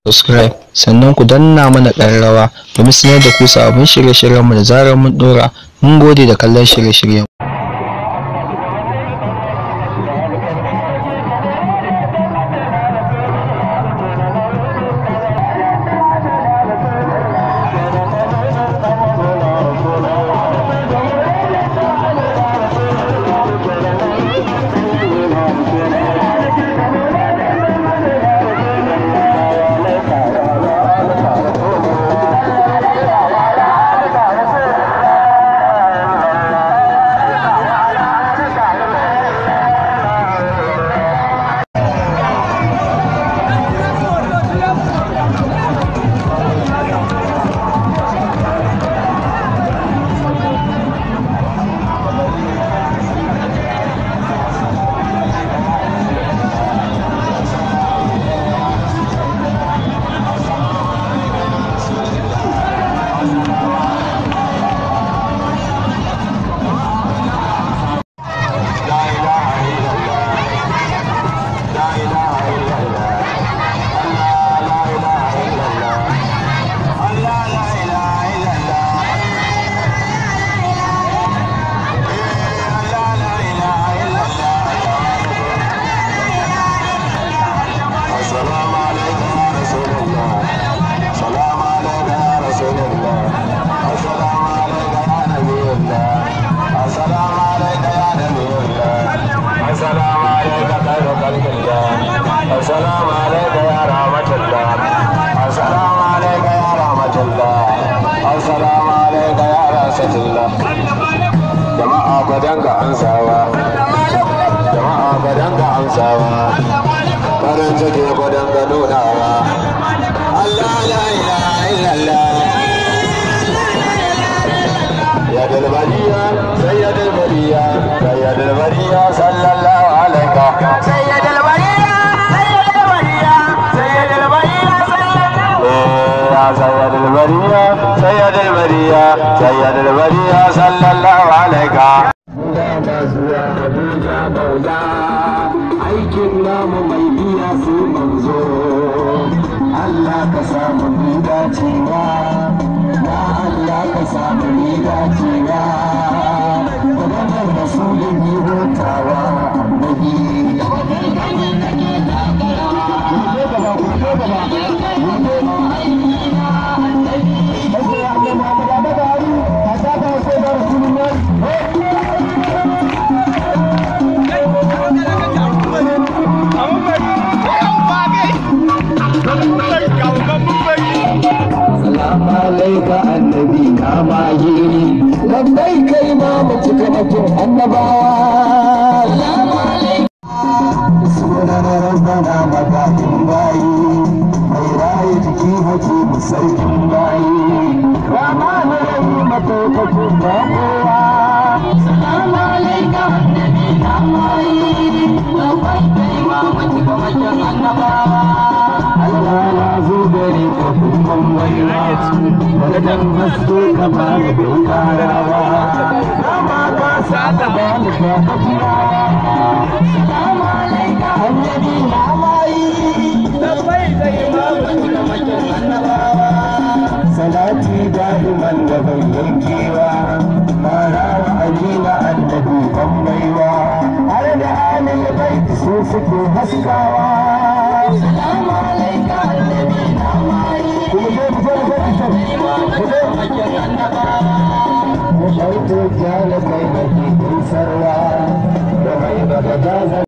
subscribe sannan ku danna mana ƙararrawa domin sanar da ku sabon shirye-shiryenmu da zarar mun ɗora mun gode da kallon shirye-shiryen ta tilla jama'a gwadon ga ansawa jama'a gwadon ga ansawa farin ba. gwadon ga nunawa Allah la ilaha illallah ya dalbariya sai ya dalbariya sai ya sallallahu alaihi wa sallam ja maula aikin namu mai iya sai manzo Allah ka samu ni dacewa ya Allah ka samu ni dacewa Wadannan rasulun yi hutawa annabi Wuce gaba, wuce gaba, Ka annabi na kai ma imamu cika mutum annabawa sunan rabbana magatin bayi mai raye jiki hakimu sarkin bayi ramanu rayu mataimakin bakowa salamu annabawa wajen hasko ka ba da ta da shafafiya hanyari da har Mushaikun ya da kai da ke sarwa da mai